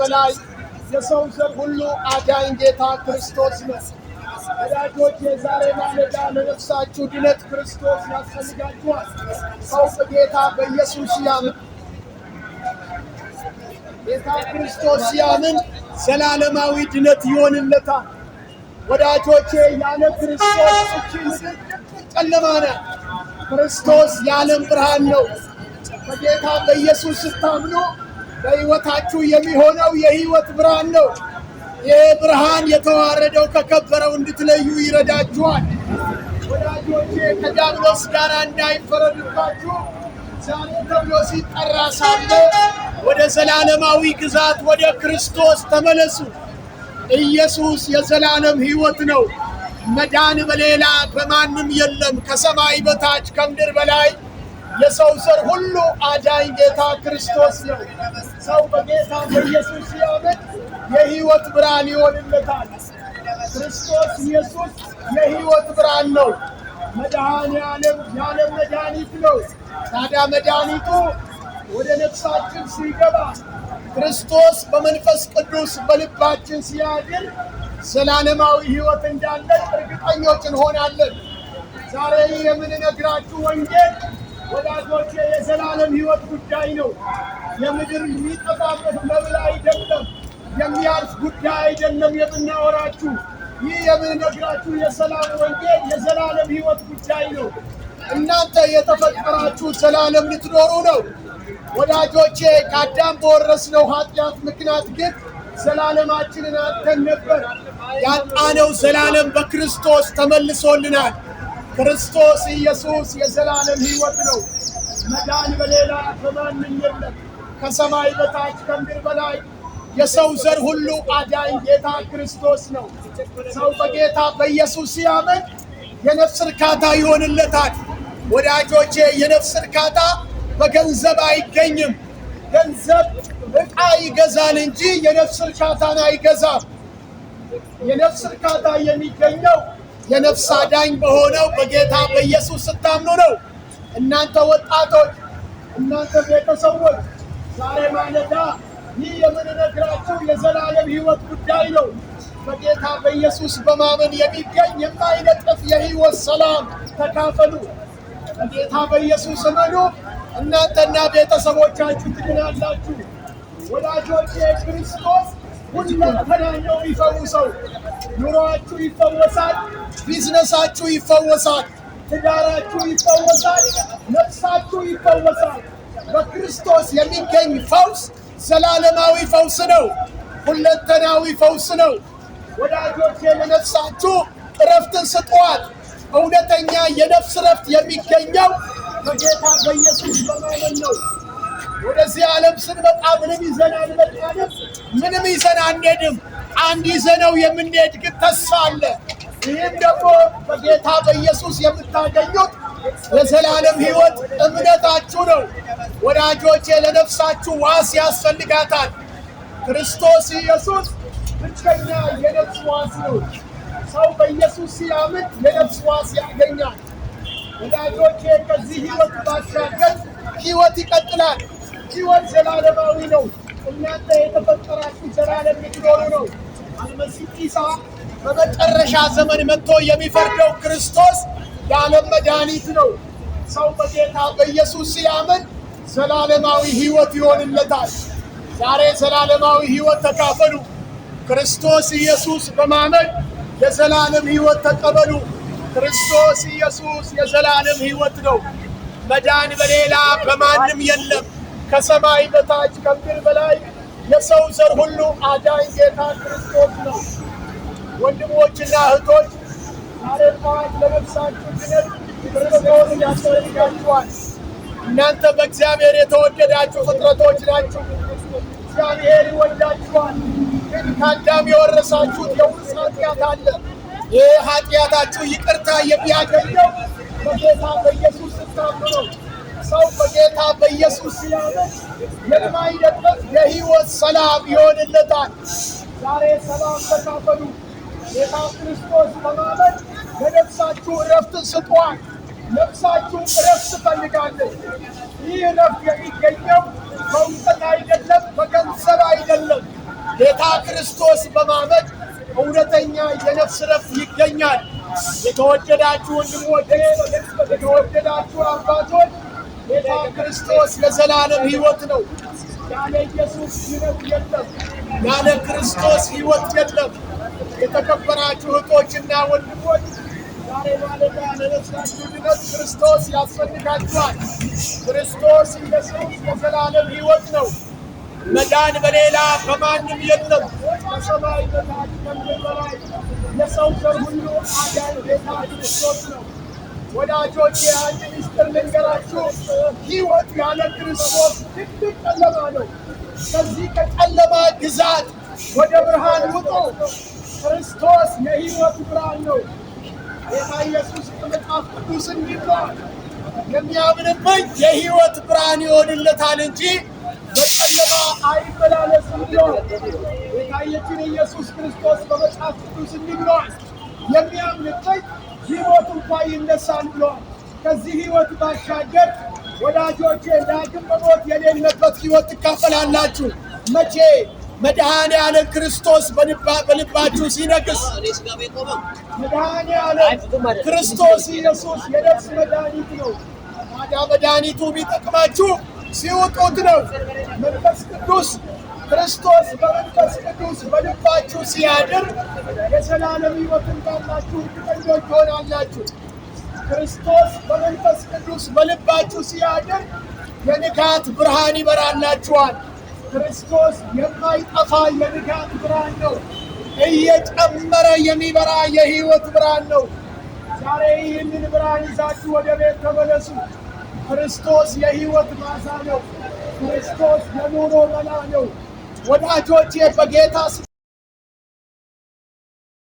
በላይ የሰው ዘር ሁሉ አዳኝ ጌታ ክርስቶስ ነው። ወዳጆች የዛሬ ማለዳ ለነፍሳችሁ ድነት ክርስቶስ ያስፈልጋችኋል። ሰው በጌታ በኢየሱስ ያምን ጌታ ክርስቶስ ያምን ዘላለማዊ ድነት ይሆንለታል። ወዳጆቼ ያለ ክርስቶስ እቺ ምድር ጨለማ ናት። ክርስቶስ የዓለም ብርሃን ነው። በጌታ በኢየሱስ ስታምኑ በሕይወታችሁ የሚሆነው የሕይወት ብርሃን ነው። ይህ ብርሃን የተዋረደው ከከበረው እንድትለዩ ይረዳችኋል። ወዳጆቼ ከዲያብሎስ ጋር እንዳይፈረድባችሁ ዛሬ ተብሎ ሲጠራ ሳለ ወደ ዘላለማዊ ግዛት ወደ ክርስቶስ ተመለሱ። ኢየሱስ የዘላለም ሕይወት ነው። መዳን በሌላ በማንም የለም፣ ከሰማይ በታች ከምድር በላይ የሰው ዘር ሁሉ አዳኝ ጌታ ክርስቶስ ነው። ሰው በጌታ በኢየሱስ ሲያምን የህይወት ብርሃን ይሆንለታል። ክርስቶስ ኢየሱስ የሕይወት ብርሃን ነው። መድኃኔ ያለም የዓለም መድኃኒት ነው። ታዲያ መድኃኒቱ ወደ ነፍሳችን ሲገባ ክርስቶስ በመንፈስ ቅዱስ በልባችን ሲያድር ዘላለማዊ ሕይወት እንዳለን እርግጠኞች እንሆናለን። ዛሬ የምንነግራችሁ ወንጌል ወዳጆቼ የዘላለም ሕይወት ጉዳይ ነው። የምድር የሚጠፋበት መብል አይደለም፣ የሚያልፍ ጉዳይ አይደለም የምናወራችሁ። ይህ የምነግራችሁ የሰላም ወንጌል የዘላለም ሕይወት ጉዳይ ነው። እናንተ የተፈጠራችሁ ዘላለም ልትኖሩ ነው። ወዳጆቼ ከአዳም በወረስነው ኃጢአት ምክንያት ግን ዘላለማችንን አጥተን ነበር። ያጣነው ዘላለም በክርስቶስ ተመልሶልናል። ክርስቶስ ኢየሱስ የዘላለም ሕይወት ነው። መዳን በሌላ በማንም የለም። ከሰማይ በታች ከምድር በላይ የሰው ዘር ሁሉ አዳኝ ጌታ ክርስቶስ ነው። ሰው በጌታ በኢየሱስ ሲያምን የነፍስ እርካታ ይሆንለታል። ወዳጆቼ የነፍስ እርካታ በገንዘብ አይገኝም። ገንዘብ ዕቃ ይገዛል እንጂ የነፍስ እርካታን አይገዛም። የነፍስ እርካታ የሚገኘው የነፍስ አዳኝ በሆነው በጌታ በኢየሱስ ስታምኑ ነው። እናንተ ወጣቶች፣ እናንተ ቤተሰቦች ዛሬ ማለዳ ይህ የምንነግራችሁ የዘላለም ሕይወት ጉዳይ ነው። በጌታ በኢየሱስ በማመን የሚገኝ የማይነጥፍ የሕይወት ሰላም ተካፈሉ። በጌታ በኢየሱስ እመኑ። እናንተና ቤተሰቦቻችሁ ትድናላችሁ። ወዳጆች የክርስቶስ ሁሉም ተዳኘው ይፈውሰው። ኑሯችሁ ይፈወሳል፣ ቢዝነሳችሁ ይፈወሳል፣ ትዳራችሁ ይፈወሳል፣ ነፍሳችሁ ይፈወሳል። በክርስቶስ የሚገኝ ፈውስ ዘላለማዊ ፈውስ ነው፣ ሁለንተናዊ ፈውስ ነው። ወዳጆች የነፍሳችሁ እረፍትን ስጠዋት። እውነተኛ የነፍስ እረፍት የሚገኘው በጌታ በኢየሱስ በማመን ነው። ወደዚህ ዓለም ስንመጣ ምንም ይዘን አንመጣም፣ ምንም ይዘን አንሄድም። አንድ ይዘነው የምንሄድ ግን ተስፋ አለ። ይህም ደግሞ በጌታ በኢየሱስ የምታገኙት የዘላለም ሕይወት እምነታችሁ ነው። ወዳጆቼ ለነፍሳችሁ ዋስ ያስፈልጋታል። ክርስቶስ ኢየሱስ ብቸኛ የነፍስ ዋስ ነው። ሰው በኢየሱስ ሲያምን የነፍስ ዋስ ያገኛል። ወዳጆቼ ከዚህ ሕይወት ባሻገር ሕይወት ይቀጥላል። ሕይወት ዘላለማዊ ነው። እናንተ የተፈጠራችሁ ዘላለም እንዲኖሩ ነው። አልመሲህ ኢሳ በመጨረሻ ዘመን መጥቶ የሚፈርደው ክርስቶስ የዓለም መድኃኒት ነው። ሰው በጌታ በኢየሱስ ሲያምን ዘላለማዊ ሕይወት ይሆንለታል። ዛሬ ዘላለማዊ ሕይወት ተካፈሉ። ክርስቶስ ኢየሱስ በማመን የዘላለም ሕይወት ተቀበሉ። ክርስቶስ ኢየሱስ የዘላለም ሕይወት ነው። መዳን በሌላ በማንም የለም። ከሰማይ በታች ከምድር በላይ የሰው ዘር ሁሉ አዳኝ ጌታ ክርስቶስ ነው። ወንድሞችና እህቶች ዛሬ ጠዋት ለነፍሳችሁ ድነት ክርስቶስ ያስፈልጋችኋል። እናንተ በእግዚአብሔር የተወደዳችሁ ፍጥረቶች ናችሁ። እግዚአብሔር ይወዳችኋል። ግን ከአዳም የወረሳችሁት የውርስ ኃጢአት አለ። ይህ ኃጢአታችሁ ይቅርታ የሚያገኘው በጌታ በኢየሱስ ስታምኑ ነው። ሰው በጌታ በኢየሱስ ሲያምን የማይደበት የሕይወት ሰላም ይሆንለታል። ዛሬ ሰላም ተካፈሉ። ጌታ ክርስቶስ በማመን ለነፍሳችሁ እረፍት ስጧል። ነፍሳችሁ እረፍት ትፈልጋለች። ይህ እረፍት የሚገኘው በእውቀት አይደለም፣ በገንዘብ አይደለም። ጌታ ክርስቶስ በማመን እውነተኛ የነፍስ እረፍት ይገኛል። የተወደዳችሁ ወንድሞቼ፣ የተወደዳችሁ አባቶች ጌታ ክርስቶስ ለዘላለም ሕይወት ነው። ያለ ኢየሱስ ህይወት የለም። ያለ ክርስቶስ ሕይወት የለም። የተከበራችሁ እህቶችና ወንድሞች ዛሬ ማለዳ ለነሳችሁ ድነት ክርስቶስ ያስፈልጋችኋል። ክርስቶስ ኢየሱስ ለዘላለም ሕይወት ነው። መዳን በሌላ በማንም የለም። በሰማይ በታች በላይ የሰው ዘር ሁሉ አዳን ጌታ ክርስቶስ ነው። ወዳጆች አንድ ሚስጥር ልንገራችሁ። ሕይወት ያለ ክርስቶስ ትልቅ ጨለማ ነው። ከዚህ ከጨለማ ግዛት ወደ ብርሃን ውጡ። ክርስቶስ የሕይወት ብርሃን ነው። ጌታ ኢየሱስ በመጽሐፍ ቅዱስ እንዲባል የሚያምንብኝ የሕይወት ብርሃን ይሆንለታል እንጂ በጨለማ አይመላለስም ብሏል። ጌታችን ኢየሱስ ክርስቶስ በመጽሐፍ ቅዱስ እንዲባል የሚያምንብኝ ቢሞቱ እንኳ ይነሳል ብሏል። ከዚህ ሕይወት ባሻገር ወዳጆቼ ዳግም በሞት የሌለበት ሕይወት ትካፈላላችሁ። መቼ መድኃኔ ዓለም ክርስቶስ በልባችሁ ሲነግስ፣ መድኃኔ ዓለም ክርስቶስ ኢየሱስ የነፍስ መድኃኒት ነው። ታዲያ መድኃኒቱ ቢጠቅማችሁ ሲውጡት ነው። መንፈስ ቅዱስ ክርስቶስ በመንፈስ ቅዱስ በልባችሁ ሲያድር የዘላለም ሕይወት እንዳላችሁ እርግጠኞች ትሆናላችሁ። ክርስቶስ በመንፈስ ቅዱስ በልባችሁ ሲያድር የንጋት ብርሃን ይበራላችኋል። ክርስቶስ የማይጠፋ የንጋት ብርሃን ነው። እየጨመረ የሚበራ የሕይወት ብርሃን ነው። ዛሬ ይህንን ብርሃን ይዛችሁ ወደ ቤት ተመለሱ። ክርስቶስ የሕይወት ማሳ ነው። ክርስቶስ የኑሮ መላ ነው። what I taught you, forget us.